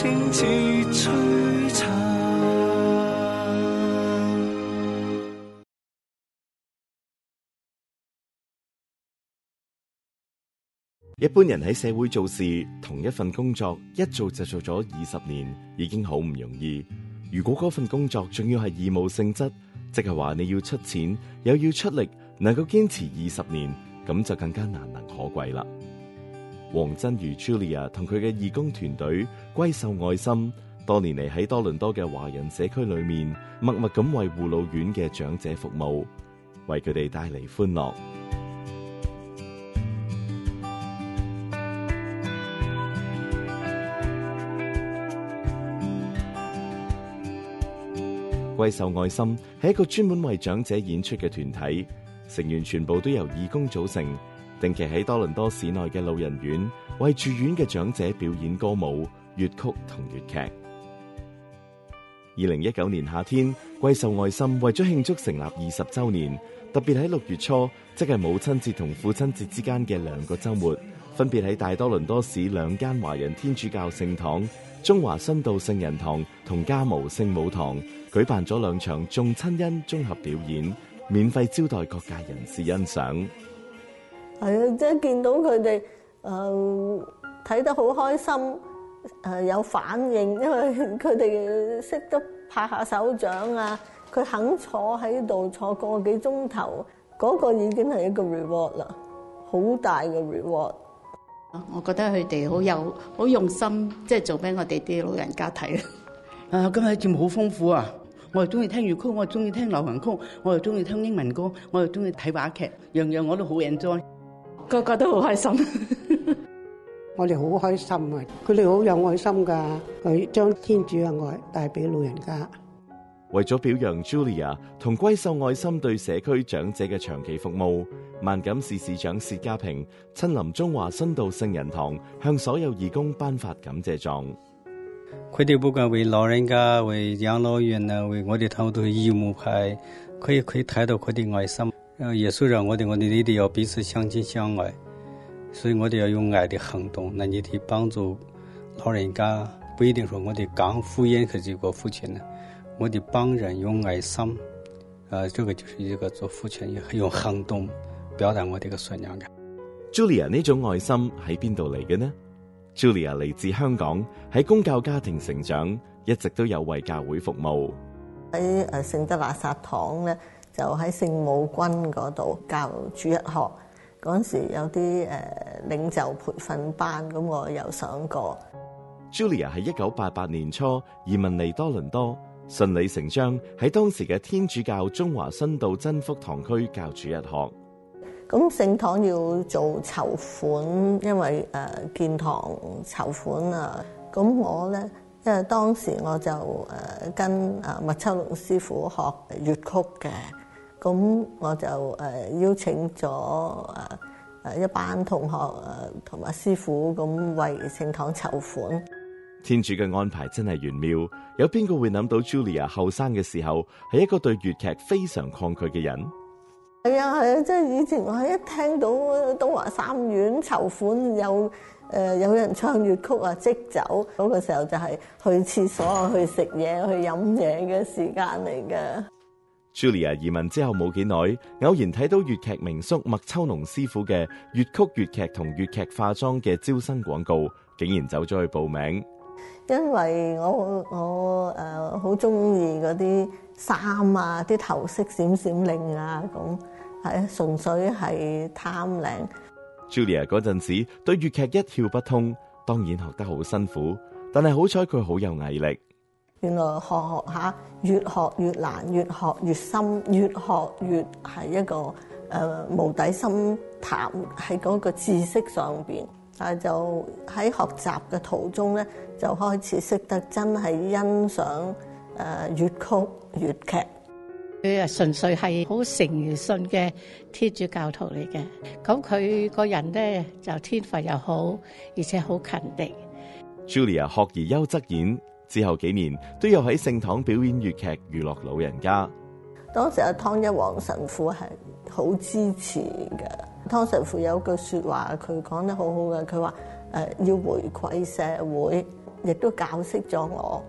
清一般人喺社會做事，同一份工作一做就做咗二十年，已經好唔容易。如果嗰份工作仲要係義務性質，即係話你要出錢又要出力，能夠堅持二十年，咁就更加難能可貴啦。黃真如 Julia 同佢嘅義工團隊歸受愛心，多年嚟喺多倫多嘅華人社區裏面，默默咁為護老院嘅長者服務，為佢哋帶嚟歡樂。歸受愛心係一個專門為長者演出嘅團體，成員全部都由義工組成。定期喺多倫多市內嘅老人院為住院嘅長者表演歌舞粵曲同粵劇。二零一九年夏天，貴壽愛心為咗慶祝成立二十周年，特別喺六月初，即係母親節同父親節之間嘅兩個周末，分別喺大多倫多市兩間華人天主教聖堂——中華新道聖人堂同嘉模聖母堂，舉辦咗兩場眾親恩綜合表演，免費招待各界人士欣賞。係啊，即係見到佢哋誒睇得好開心，誒有反應，因為佢哋識得拍下手掌啊，佢肯坐喺度坐個幾鐘頭，嗰個已經係一個 reward 啦，好大嘅 reward。我覺得佢哋好有好用心，即係做俾我哋啲老人家睇啊！啊，今日節目好豐富啊！我又中意聽粵曲，我又中意聽流行曲，我又中意聽英文歌，我又中意睇話劇，樣樣我都好 enjoy。個個都好開， 開心，我哋好開心啊！佢哋好有愛心噶，佢將天主嘅愛帶俾老人家。為咗表揚 Julia 同歸秀愛心對社區長者嘅長期服務，萬錦市市長薛家平親臨中華殉道聖人堂，向所有義工頒發感謝狀。佢哋不僅為老人家、為養老院啊、為我哋透多醫務派，佢哋佢睇到佢哋愛心。耶穌讓我哋，我哋一定要彼此相親相愛，所以我哋要用愛的行動。那你哋幫助老人家，不一定說我哋講敷衍，係一個父親啦。我哋幫人用愛心，啊，這個就是一個做父親用行動表達我哋嘅信仰嘅。Julia 呢種愛心喺邊度嚟嘅呢？Julia 嚟自香港，喺公教家庭成長，一直都有為教會服務喺誒聖德肋撒堂咧。就喺聖母軍嗰度教主一學，嗰陣時有啲誒領袖培訓班，咁我又上過。Julia 喺一九八八年初移民嚟多倫多，順理成章喺當時嘅天主教中華新道真福堂區教主一學。咁聖堂要做籌款，因為誒建堂籌款啊。咁我咧，因為當時我就誒跟啊麥秋龍師傅學粵曲嘅。咁我就誒、呃、邀請咗誒誒一班同學誒同埋師傅咁、呃、為聖堂籌款。天主嘅安排真係玄妙，有邊個會諗到 Julia 後生嘅時候係一個對粵劇非常抗拒嘅人？係啊係啊，即、就、係、是、以前我係一聽到東華三院籌款有，有、呃、誒有人唱粵曲啊，即走嗰、那個時候就係去廁所啊，去食嘢去飲嘢嘅時間嚟㗎。Julia 移民之後冇幾耐，偶然睇到粵劇名宿麥秋龍師傅嘅粵曲、粵劇同粵劇化妝嘅招生廣告，竟然走咗去報名。因為我我誒好中意嗰啲衫啊，啲頭飾閃閃令啊，咁係純粹係貪靚。Julia 嗰陣時對粵劇一竅不通，當然學得好辛苦，但係好彩佢好有毅力。原來學學下，越學越難，越學越深，越學越係一個誒、呃、無底深潭喺嗰個知識上面。但係就喺學習嘅途中咧，就開始識得真係欣賞誒粵曲粵劇。佢係純粹係好誠如信嘅天主教徒嚟嘅。咁佢個人咧就天份又好，而且好勤力。Julia 學而優則演。之後幾年，都有喺聖堂表演粵劇娛樂老人家。當時阿湯一王神父係好支持㗎。湯神父有句說話，佢講得好好嘅。佢話誒要回饋社會，亦都教識咗我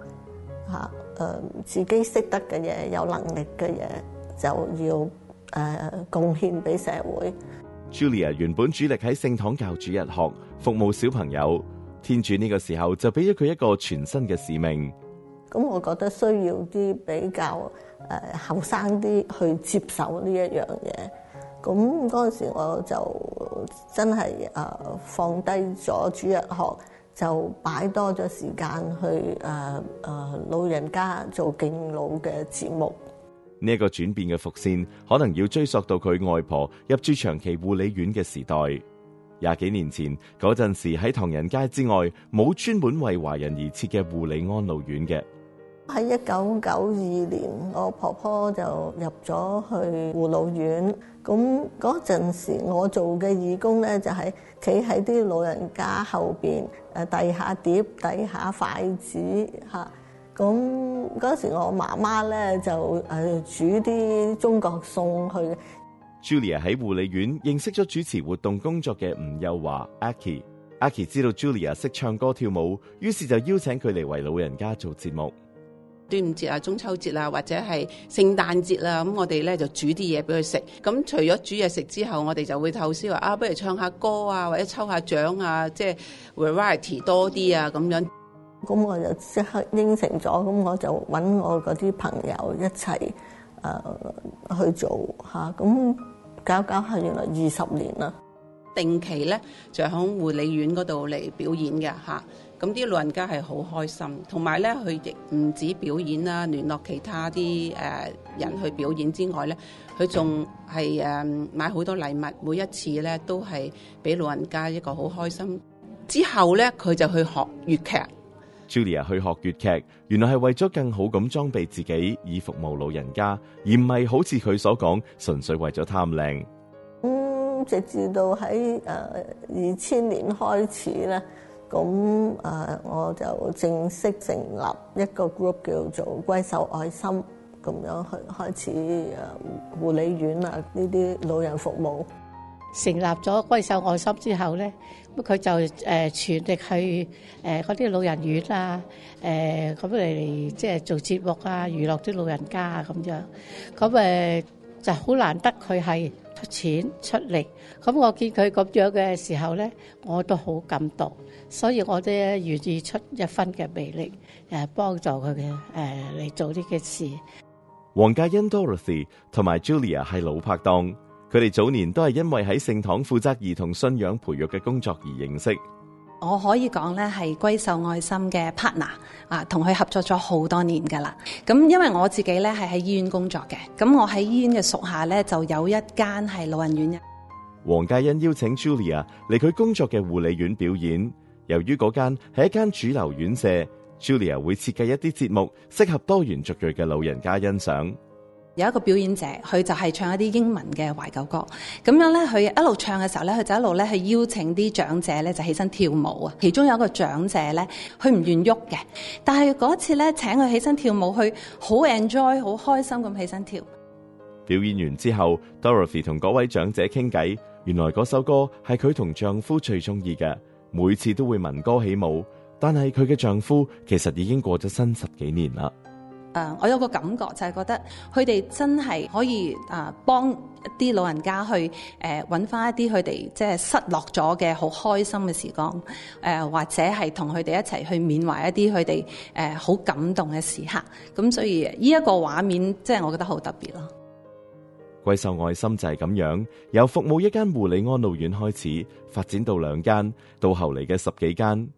吓，誒、啊呃、自己識得嘅嘢，有能力嘅嘢就要誒貢獻俾社會。Julia 原本主力喺聖堂教主日學服務小朋友。天主呢個時候就俾咗佢一個全新嘅使命，咁我覺得需要啲比較誒後生啲去接受呢一樣嘢。咁嗰陣時我就真係誒、呃、放低咗主日學，就擺多咗時間去誒誒、呃呃、老人家做敬老嘅節目。呢、這、一個轉變嘅伏線，可能要追溯到佢外婆入住長期護理院嘅時代。廿幾年前嗰陣時，喺唐人街之外冇專門為華人而設嘅護理安老院嘅。喺一九九二年，我婆婆就入咗去護老院。咁嗰陣時，我做嘅義工咧，就係企喺啲老人家後邊，誒遞下碟、遞下筷子嚇。咁嗰時我媽媽咧就誒煮啲中國餸去。Julia 喺護理院認識咗主持活動工作嘅吳幼華阿 Kie，阿 Kie 知道 Julia 識唱歌跳舞，於是就邀請佢嚟為老人家做節目。端午節啊、中秋節啦，或者係聖誕節啦，咁我哋咧就煮啲嘢俾佢食。咁除咗煮嘢食之後，我哋就會構思話啊，不如唱下歌啊，或者抽下獎啊，即係 variety 多啲啊，咁樣。咁我就即刻應承咗，咁我就搵我嗰啲朋友一齊誒、呃、去做吓，咁、啊。搞搞下，原來二十年啦！定期咧就喺護理院嗰度嚟表演嘅嚇，咁啲老人家係好開心，同埋咧佢亦唔止表演啦，聯絡其他啲誒人去表演之外咧，佢仲係誒買好多禮物，每一次咧都係俾老人家一個好開心。之後咧佢就去學粵劇。Julia 去學粵劇，原來係為咗更好咁裝備自己，以服務老人家，而唔係好似佢所講，純粹為咗貪靚。咁、嗯、直至到喺誒二千年開始咧，咁誒、呃、我就正式成立一個 group，叫做歸手愛心，咁樣去開始誒護、呃、理院啊呢啲老人服務。成立咗歸秀愛心之後咧，咁佢就誒全力去誒嗰啲老人院啊，誒咁嚟即係做節目啊，娛樂啲老人家啊咁樣。咁誒就係好難得佢係出錢出力。咁我見佢咁樣嘅時候咧，我都好感動，所以我都願意出一分嘅微力誒幫助佢嘅誒嚟做呢件事。黃家欣、Dorothy 同埋 Julia 係老拍檔。佢哋早年都係因為喺聖堂負責兒童信仰培育嘅工作而認識。我可以講咧係歸受愛心嘅 partner 啊，同佢合作咗好多年噶啦。咁因為我自己咧係喺醫院工作嘅，咁我喺醫院嘅屬下咧就有一間係老人院。黃嘉欣邀請 Julia 嚟佢工作嘅護理院表演。由於嗰間係一間主流院舍 ，Julia 會設計一啲節目適合多元族裔嘅老人家欣賞。有一個表演者，佢就係唱一啲英文嘅懷舊歌，咁樣咧，佢一路唱嘅時候咧，佢就一路咧去邀請啲長者咧就起身跳舞啊。其中有一個長者咧，佢唔願喐嘅，但係嗰次咧，請佢起身跳舞，佢好 enjoy，好開心咁起身跳舞。表演完之後，Dorothy 同嗰位長者傾偈，原來嗰首歌係佢同丈夫最中意嘅，每次都會聞歌起舞，但係佢嘅丈夫其實已經過咗身十幾年啦。誒，我有個感覺就係覺得佢哋真係可以誒幫一啲老人家去誒搵返一啲佢哋即係失落咗嘅好開心嘅時光，誒或者係同佢哋一齊去緬懷一啲佢哋誒好感動嘅時刻。咁所以呢一個畫面，即係我覺得好特別咯。貴秀愛心就係咁樣，由服務一間護理安老院開始，發展到兩間，到後嚟嘅十幾間。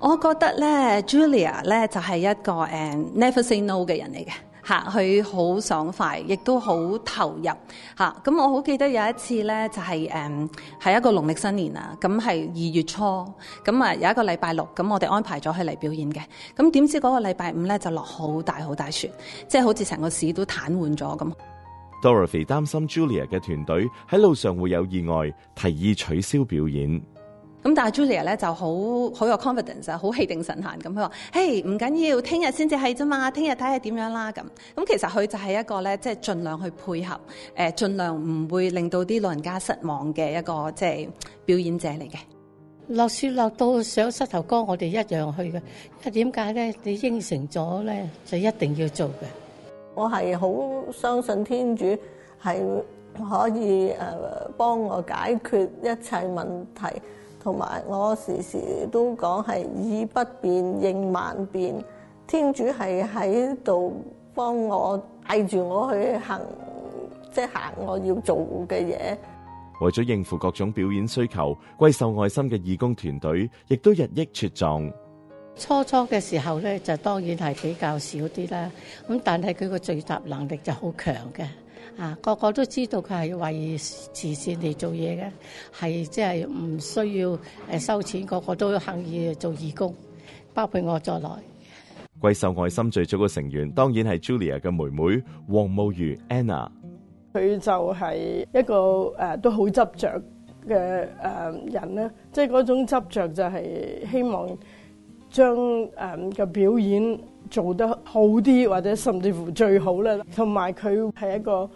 我覺得咧，Julia 咧就係、是、一個誒、uh, never say no 嘅人嚟嘅嚇，佢好爽快，亦都好投入嚇。咁、啊、我好記得有一次咧，就係誒係一個農曆新年啊，咁係二月初，咁啊有一個禮拜六，咁我哋安排咗佢嚟表演嘅。咁點知嗰個禮拜五咧就落好大好大雪，即、就、係、是、好似成個市都癱瘓咗咁。Dorothy 擔心 Julia 嘅團隊喺路上會有意外，提議取消表演。咁但係 Julia 咧就好好有 confidence 啊，好氣定神閒咁。佢話：嘿、hey，唔緊要，聽日先至係啫嘛，聽日睇下點樣啦。咁咁其實佢就係一個咧，即係盡量去配合誒，盡量唔會令到啲老人家失望嘅一個即係、就是、表演者嚟嘅。落雪落到上膝頭哥，我哋一樣去嘅。點解咧？你應承咗咧，就一定要做嘅。我係好相信天主係可以誒幫我解決一切問題。同埋我時時都講，係以不變應萬變，天主係喺度幫我帶住我去行，即係行我要做嘅嘢。為咗應付各種表演需求，歸受愛心嘅義工團隊亦都日益茁壯。初初嘅時候咧，就當然係比較少啲啦。咁但係佢個聚集能力就好強嘅。啊！個個都知道佢係為慈善嚟做嘢嘅，係即係唔需要誒收錢，個個都肯意做義工。包括我在內。貴秀愛心最早嘅成員當然係 Julia 嘅妹妹黃慕如 Anna。佢就係一個誒、呃、都好執着嘅誒人啦，即係嗰種執著就係希望將誒嘅、呃、表演做得好啲，或者甚至乎最好啦。同埋佢係一個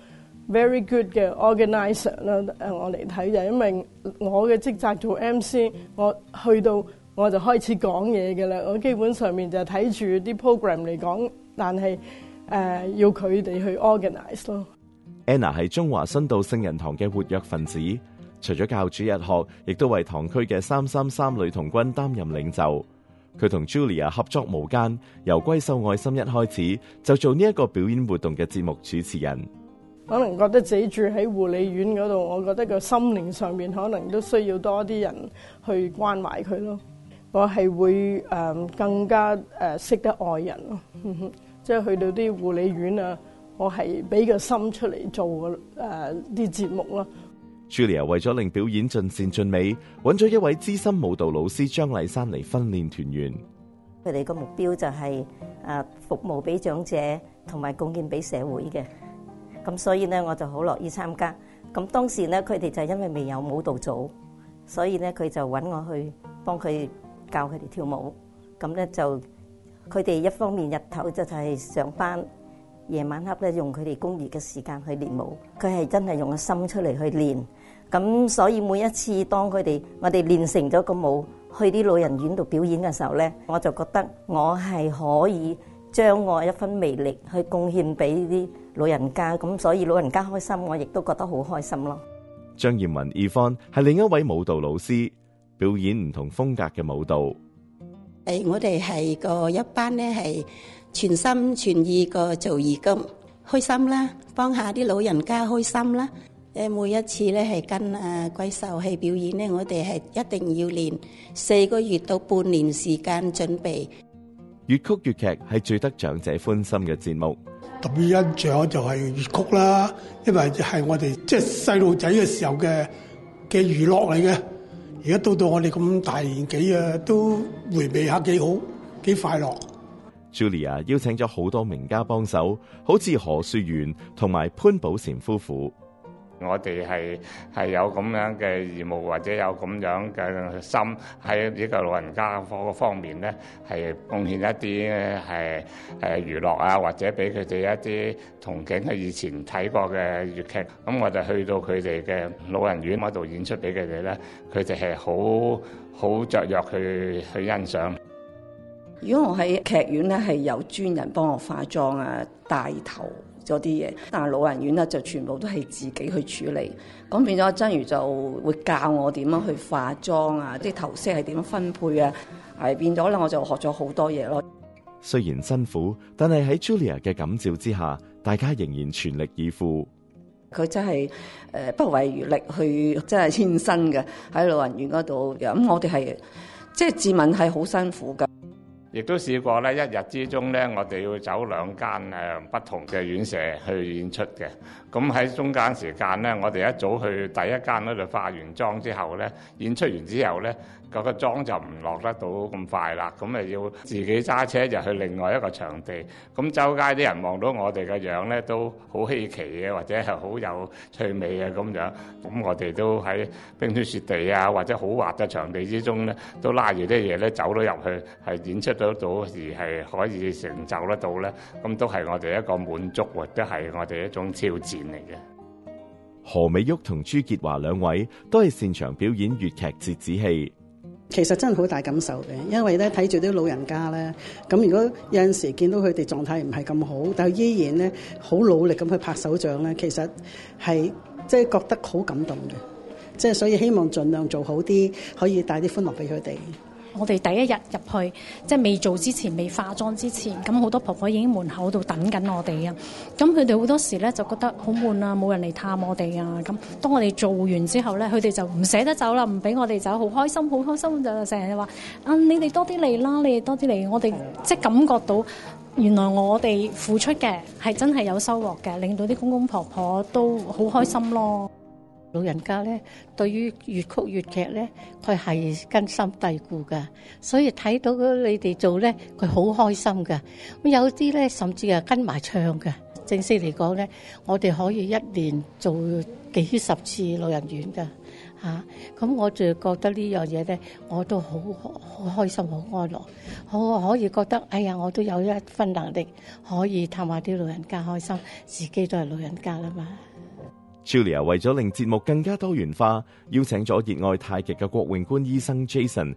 very good 嘅 organizer 啦。誒，我嚟睇就因為我嘅職責做 MC，我去到我就開始講嘢嘅啦。我基本上面就睇住啲 program 嚟講，但係，呃，要佢哋去 organize 咯。Anna 係中華新道聖人堂嘅活躍分子，除咗教主日學，亦都為堂區嘅三三三女童軍擔任領袖。佢同 Julia 合作無間，由歸秀愛心一開始就做呢一個表演活動嘅節目主持人。可能覺得自己住喺護理院嗰度，我覺得個心靈上面可能都需要多啲人去關懷佢咯。我係會誒更加誒識得愛人咯，即 係去到啲護理院啊，我係俾個心出嚟做誒啲節目咯。Julia 為咗令表演盡善盡美，揾咗一位資深舞蹈老師張麗珊嚟訓練團員。佢哋個目標就係誒服務俾長者，同埋貢獻俾社會嘅。咁所以咧，我就好樂意參加。咁當時咧，佢哋就因為未有舞蹈組，所以咧佢就搵我去幫佢教佢哋跳舞。咁咧就佢哋一方面日頭就係上班，夜晚黑咧用佢哋工餘嘅時間去練舞。佢係真係用個心出嚟去練。咁所以每一次當佢哋我哋練成咗個舞，去啲老人院度表演嘅時候咧，我就覺得我係可以。將我一分魅力去貢獻俾啲老人家，咁所以老人家開心，我亦都覺得好開心咯。張豔文 Evan 係另一位舞蹈老師，表演唔同風格嘅舞蹈。誒，我哋係個一班咧，係全心全意個做義工，開心啦，幫下啲老人家開心啦。誒，每一次咧係跟阿貴秀去表演咧，我哋係一定要練四個月到半年時間準備。粵曲粵劇係最得長者歡心嘅節目，特別印象就係粵曲啦，因為係我哋即係細路仔嘅時候嘅嘅娛樂嚟嘅，而家到到我哋咁大年紀啊，都回味下幾好，幾快樂。Julia 邀請咗好多名家幫手，好似何樹源同埋潘寶禪夫婦。我哋係係有咁樣嘅義務，或者有咁樣嘅心，喺呢個老人家方方面咧，係貢獻一啲係誒娛樂啊，或者俾佢哋一啲同景嘅以前睇過嘅粵劇。咁我就去到佢哋嘅老人院嗰度演出俾佢哋咧，佢哋係好好雀躍去去欣賞。如果我喺劇院咧，係有專人幫我化妝啊、戴頭。咗啲嘢，但係老人院咧就全部都係自己去處理，咁變咗真如就會教我點樣去化妝啊，即係頭飾係點樣分配啊，係變咗啦，我就學咗好多嘢咯。雖然辛苦，但係喺 Julia 嘅感召之下，大家仍然全力以赴。佢真係誒不遺餘力去真係獻身嘅喺老人院嗰度，咁我哋係即係自問係好辛苦嘅。亦都試過咧，一日之中咧，我哋要走兩間唔不同嘅院舍去演出嘅。咁喺中間時間呢，我哋一早去第一間嗰度化完妝之後呢，演出完之後呢，嗰個妝就唔落得到咁快啦。咁咪要自己揸車就去另外一個場地。咁周街啲人望到我哋嘅樣呢，都好稀奇嘅，或者係好有趣味嘅咁樣。咁我哋都喺冰天雪地啊，或者好滑嘅場地之中呢，都拉住啲嘢呢走咗入去，係演出得到而係可以成就得到呢。咁都係我哋一個滿足，都係我哋一種挑戰。何美玉同朱杰華兩位都係擅長表演粵劇折子戲。其實真係好大感受嘅，因為咧睇住啲老人家咧，咁如果有陣時見到佢哋狀態唔係咁好，但係依然咧好努力咁去拍手掌咧，其實係即係覺得好感動嘅，即係所以希望盡量做好啲，可以帶啲歡樂俾佢哋。我哋第一日入去，即係未做之前、未化妝之前，咁好多婆婆已經門口度等緊我哋啊！咁佢哋好多時咧就覺得好悶啊，冇人嚟探我哋啊！咁當我哋做完之後咧，佢哋就唔捨得走啦，唔俾我哋走，好開心，好開心就成日話：啊，你哋多啲嚟啦，你哋多啲嚟！我哋即係感覺到原來我哋付出嘅係真係有收穫嘅，令到啲公公婆婆都好開心咯。老人家咧，對於粵曲粵劇咧，佢係根深蒂固噶，所以睇到你哋做咧，佢好開心噶。咁有啲咧，甚至係跟埋唱噶。正式嚟講咧，我哋可以一年做幾十次老人院噶。吓、啊，咁我就覺得這呢樣嘢咧，我都好好開心，好安樂，我可以覺得，哎呀，我都有一分能力可以探下啲老人家開心，自己都係老人家啦嘛。。Julia 為咗令節目更加多元化，邀請咗熱愛太極嘅郭榮官醫生 Jason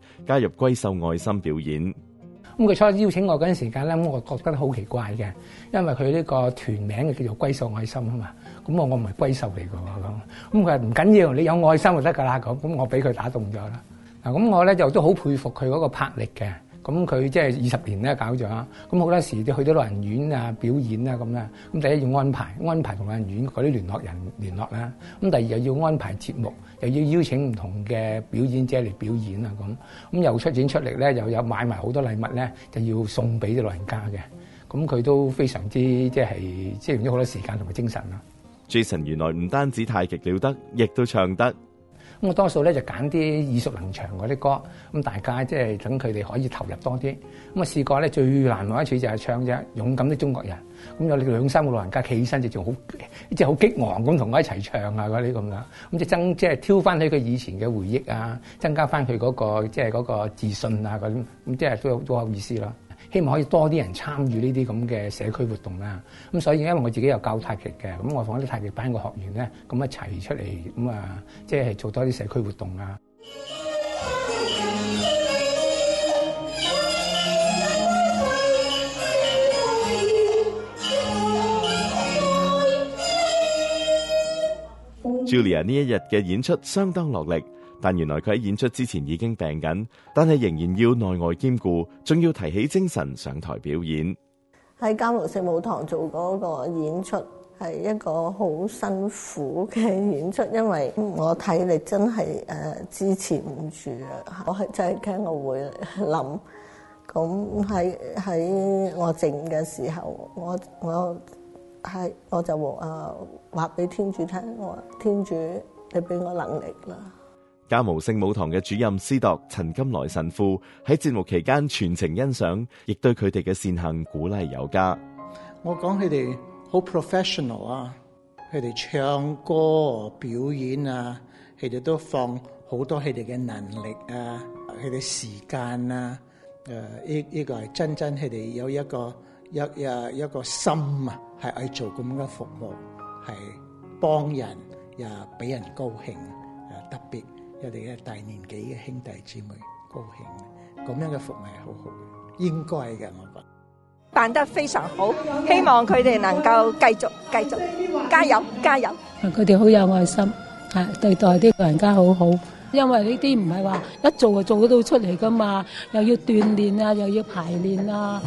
咁佢即係二十年咧搞咗，咁好多時就去到老人院啊表演啊。咁啦，咁第一要安排，安排同老人院嗰啲聯絡人聯絡啦、啊，咁第二又要安排節目，又要邀請唔同嘅表演者嚟表演啊咁，咁又出錢出力咧，又有買埋好多禮物咧，就要送俾啲老人家嘅，咁佢都非常之即係即係用咗好多時間同埋精神啦。Jason 原來唔單止太極了得，亦都唱得。咁我多數咧就揀啲耳熟能詳嗰啲歌，咁大家即係等佢哋可以投入多啲。咁我試過咧最難忘一次就係唱隻勇敢的中國人，咁有兩三個老人家企起身就仲好，即係好激昂咁同我一齊唱啊嗰啲咁樣，咁即係增即係、就是、挑翻起佢以前嘅回憶啊，增加翻佢嗰個即係嗰個自信啊咁，咁即係都都好有意思啦。希望可以多啲人參與呢啲咁嘅社區活動啦。咁所以因為我自己有教泰拳嘅，咁我放啲泰拳班嘅學員咧，咁一齊出嚟，咁啊，即係做多啲社區活動啊。Julia 呢一日嘅演出相當落力。但原來佢喺演出之前已經病緊，但係仍然要內外兼顧，仲要提起精神上台表演。喺監獄聖母堂做嗰個演出係一個好辛苦嘅演出，因為我體力真係、呃、支持唔住啊！我係真係聽，我會諗咁，喺喺我靜嘅時候，我我我就話話俾天主聽，我話天主你俾我能力啦。嘉模聖母堂嘅主任司鐸陳金來神父喺節目期間全程欣賞，亦對佢哋嘅善行鼓勵有加。我講佢哋好 professional 啊！佢哋唱歌表演啊，佢哋都放好多佢哋嘅能力啊，佢哋時間啊，誒、呃、依、這、依個係真真佢哋有一個一啊一個心啊，係去做咁嘅服務，係幫人又俾人高興，誒，特別。佢哋嘅大年紀嘅兄弟姊妹高興，咁樣嘅服務係好好嘅，應該嘅，我覺得辦得非常好，希望佢哋能夠繼續繼續加油加油。佢哋好有愛心，係對待啲老人家好好，因為呢啲唔係話一做就做得到出嚟噶嘛，又要鍛煉啊，又要排練啊，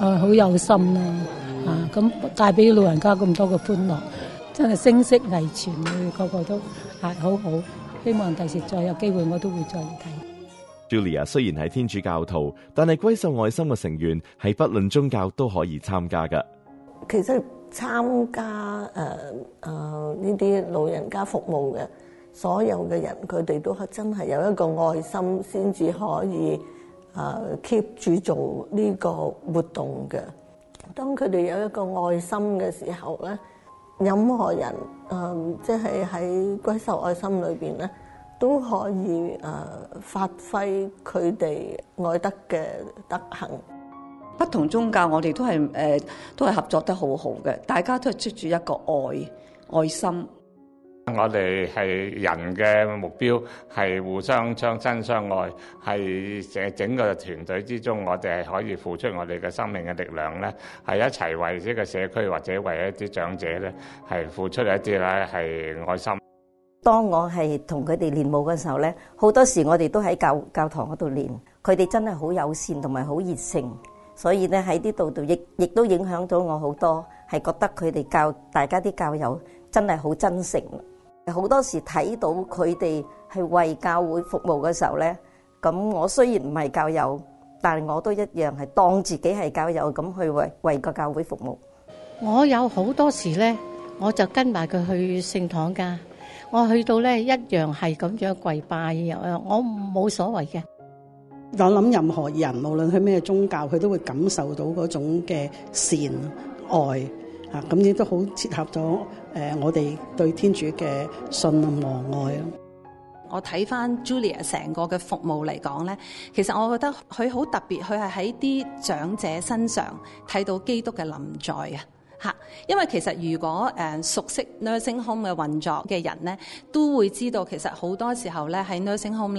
啊好有心咯，啊咁帶俾老人家咁多嘅歡樂，真係聲色藝全，佢個個都係好好。希望第時再有機會，我都會再嚟睇。Julia 雖然係天主教徒，但係歸屬愛心嘅成員，係不論宗教都可以參加㗎。其實參加，呃，呃，呢啲老人家服務嘅，所有嘅人佢哋都真係有一個愛心，先至可以，呃，Keep 住做呢個活動㗎。當佢哋有一個愛心嘅時候呢。任何人誒，即係喺歸受愛心裏邊咧，都可以誒發揮佢哋愛得嘅德行。不同宗教，我哋都係誒，都係合作得好好嘅，大家都係出住一個愛愛心。我哋係人嘅目標係互相相親相愛，係整個團隊之中，我哋係可以付出我哋嘅生命嘅力量咧，係一齊為一個社區或者為一啲長者咧，係付出一啲咧係愛心。當我係同佢哋練舞嘅時候咧，好多時我哋都喺教教堂嗰度練，佢哋真係好友善同埋好熱誠，所以咧喺呢度度亦亦都影響到我好多，係覺得佢哋教大家啲教友真係好真誠。好多時睇到佢哋係為教會服務嘅時候咧，咁我雖然唔係教友，但係我都一樣係當自己係教友咁去為為個教會服務。我有好多時咧，我就跟埋佢去聖堂噶，我去到咧一樣係咁樣跪拜，我冇所謂嘅。我諗任何人，無論佢咩宗教，佢都會感受到嗰種嘅善愛。啊！咁亦都好切合咗我哋對天主嘅信任和愛咯。我睇翻 Julia 成個嘅服務嚟講咧，其實我覺得佢好特別，佢係喺啲長者身上睇到基督嘅臨在啊！嚇！因為其實如果熟悉 nursing home 嘅運作嘅人咧，都會知道其實好多時候咧，喺 nursing home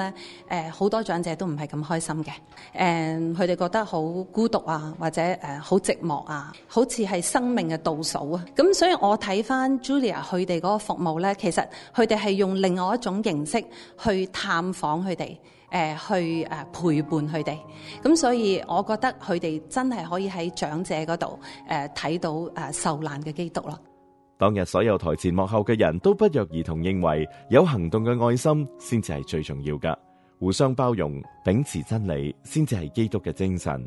咧好多長者都唔係咁開心嘅誒，佢哋覺得好孤獨啊，或者好寂寞啊，好似係生命嘅倒數啊！咁所以我睇翻 Julia 佢哋嗰個服務咧，其實佢哋係用另外一種形式去探訪佢哋。誒去誒陪伴佢哋，咁所以我覺得佢哋真係可以喺長者嗰度誒睇到受難嘅基督啦。當日所有台前幕後嘅人都不約而同認為，有行動嘅愛心先至係最重要㗎，互相包容、秉持真理先至係基督嘅精神。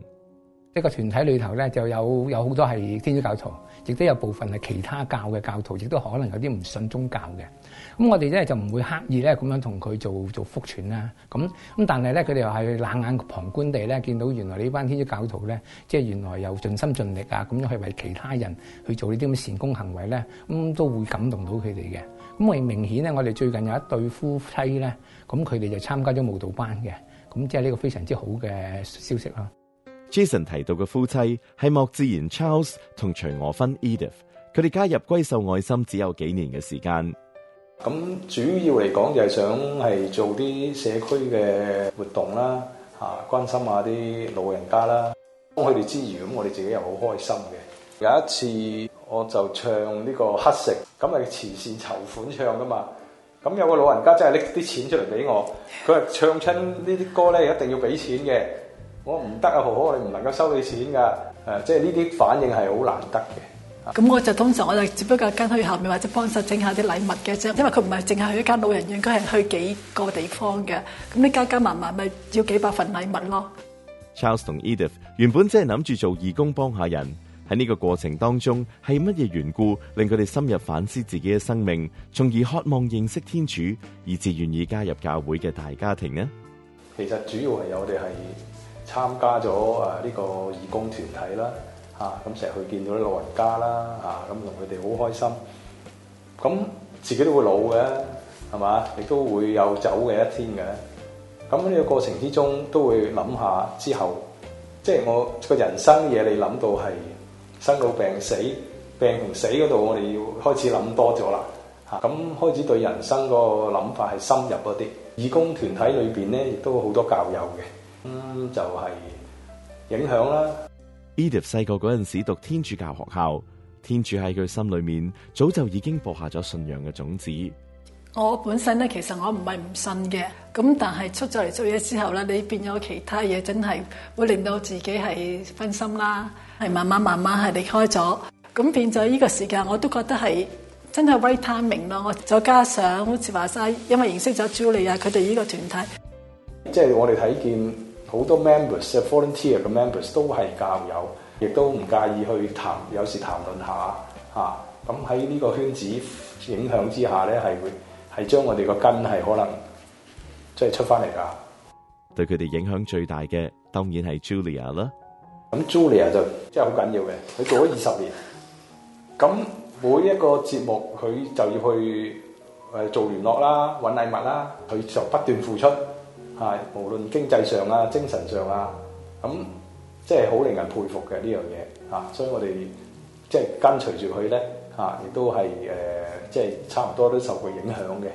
呢個團體裏頭咧就有有好多係天主教徒，亦都有部分係其他教嘅教徒，亦都可能有啲唔信宗教嘅。咁我哋咧就唔會刻意咧咁樣同佢做做福傳啦。咁咁但係咧佢哋又係冷眼旁觀地咧見到原來呢班天主教徒咧，即係原來又盡心盡力啊，咁樣去為其他人去做呢啲咁嘅善功行為咧，咁都會感動到佢哋嘅。咁係明顯咧，我哋最近有一對夫妻咧，咁佢哋就參加咗慕道班嘅，咁即係呢個非常之好嘅消息啦。Jason 提到嘅夫妻係莫志賢 Charles 同徐娥芬 Edith，佢哋加入閨秀愛心只有幾年嘅時間。咁主要嚟講就係想係做啲社區嘅活動啦，吓、啊、關心一下啲老人家啦，幫佢哋之餘，咁我哋自己又好開心嘅。有一次我就唱呢、這個黑色，咁係慈善籌款唱噶嘛，咁有個老人家真係拎啲錢出嚟俾我，佢話唱親呢啲歌咧一定要俾錢嘅。我唔得啊，婆婆，我唔能夠收你錢噶、啊？誒、啊，即係呢啲反應係好難得嘅。咁我就通常我就只不過跟去後面或者幫手整下啲禮物嘅啫，因為佢唔係淨係去一間老人院，佢係去幾個地方嘅。咁你加加埋埋咪要幾百份禮物咯。Charles 同 Edith 原本即係諗住做義工幫下人，喺呢個過程當中係乜嘢緣故令佢哋深入反思自己嘅生命，從而渴望認識天主以至願意加入教會嘅大家庭呢？其實主要係有我哋係。參加咗誒呢個義工團體啦，嚇咁成日去見到啲老人家啦，嚇咁同佢哋好開心。咁自己都會老嘅，係嘛？亦都會有走嘅一天嘅。咁呢個過程之中，都會諗下之後，即係我個人生嘢，你諗到係生老病死、病同死嗰度，我哋要開始諗多咗啦。嚇咁開始對人生個諗法係深入一啲。義工團體裏邊咧，亦都好多教友嘅。咁、嗯、就係、是、影響啦。Edith 細個嗰陣時，時讀天主教學校，天主喺佢心裏面早就已經播下咗信仰嘅種子。我本身咧，其實我唔係唔信嘅，咁但係出咗嚟做嘢之後咧，你變咗其他嘢真係會令到自己係分心啦，係慢慢慢慢係離開咗。咁變咗呢個時間，我都覺得係真係 right timing 咯。我再加上好似話晒，因為認識咗 Julia 佢哋呢個團體，即、就、係、是、我哋睇見。好多 members 嘅 volunteer 嘅 members 都係教友，亦都唔介意去談，有時談論下吓。咁喺呢個圈子影響之下咧，係會係將我哋個根係可能即係、就是、出翻嚟㗎。對佢哋影響最大嘅當然係 Julia 啦。咁 Julia 就即係好緊要嘅，佢做咗二十年。咁每一個節目佢就要去誒、呃、做聯絡啦、搵禮物啦，佢就不斷付出。係，無論經濟上啊、精神上啊，咁、嗯、即係好令人佩服嘅呢樣嘢嚇。所以我哋即係跟隨住佢咧嚇，亦都係誒，即係、啊呃、差唔多都受佢影響嘅。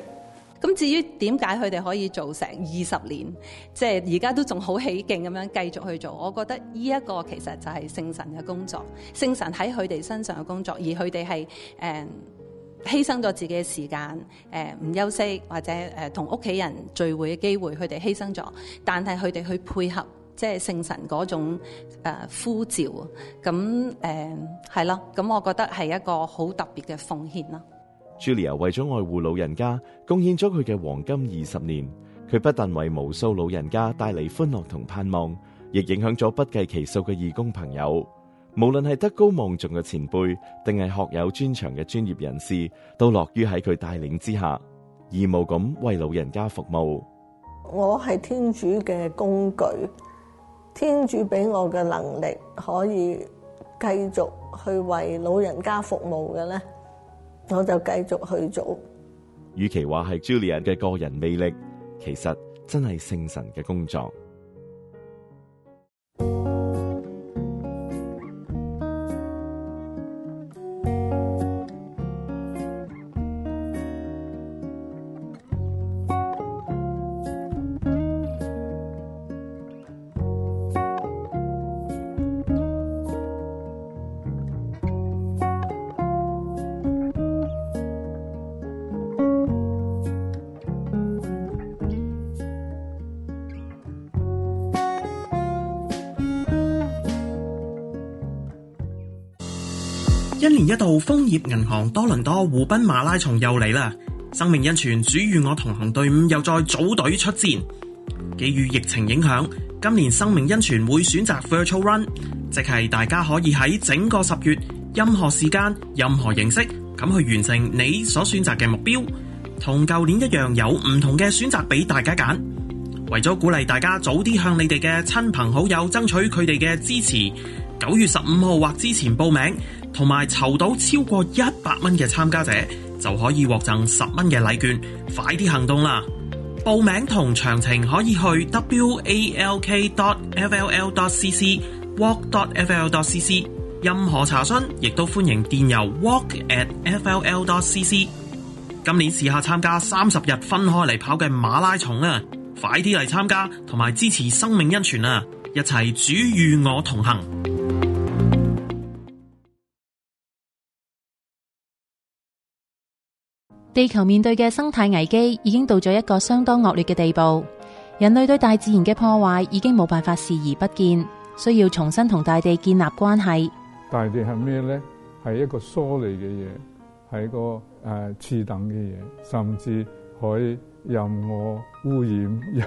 咁至於點解佢哋可以做成二十年，即係而家都仲好起勁咁樣繼續去做，我覺得呢一個其實就係聖神嘅工作，聖神喺佢哋身上嘅工作，而佢哋係誒。呃犧牲咗自己嘅時間，誒唔休息或者誒同屋企人聚會嘅機會，佢哋犧牲咗，但係佢哋去配合即係聖神嗰種誒呼召，咁誒係咯，咁我覺得係一個好特別嘅奉獻咯。Julia 為咗愛護老人家，貢獻咗佢嘅黃金二十年，佢不但為無數老人家帶嚟歡樂同盼望，亦影響咗不計其數嘅義工朋友。無論係德高望重嘅前輩，定係學有專長嘅專業人士，都樂於喺佢帶領之下，義務咁為老人家服務。我係天主嘅工具，天主俾我嘅能力可以繼續去為老人家服務嘅咧，我就繼續去做。與其話係 Julian 嘅個人魅力，其實真係聖神嘅工作。一年一度豐業銀行多倫多湖濱馬拉松又嚟啦！生命恩泉主與我同行隊伍又再組隊出戰。基於疫情影響，今年生命恩泉會選擇 Virtual Run，即係大家可以喺整個十月任何時間、任何形式咁去完成你所選擇嘅目標，同舊年一樣有唔同嘅選擇俾大家揀。為咗鼓勵大家早啲向你哋嘅親朋好友爭取佢哋嘅支持。九月十五號或之前報名，同埋籌到超過一百蚊嘅參加者就可以獲贈十蚊嘅禮券。快啲行動啦！報名同詳情可以去 walk.dot.fll.dot.cc，walk.dot.fll.dot.cc。任何查詢亦都歡迎電郵 walk@fll.dot.cc at。今年試下參加三十日分開嚟跑嘅馬拉松啊！快啲嚟參加同埋支持生命恩泉啊！一齊主與我同行。地球面對嘅生態危機已經到咗一個相當惡劣嘅地步，人類對大自然嘅破壞已經冇辦法視而不見，需要重新同大地建立關係。大地係咩呢？係一個疏離嘅嘢，係一個誒次等嘅嘢，甚至可以任我污染、任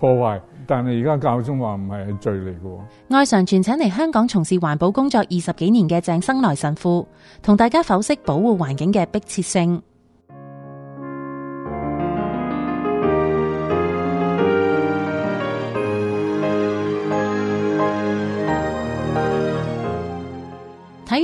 破壞。但係而家教宗話唔係係罪嚟嘅。愛常傳請嚟香港從事環保工作二十幾年嘅鄭生來神父，同大家剖析保護環境嘅迫切性。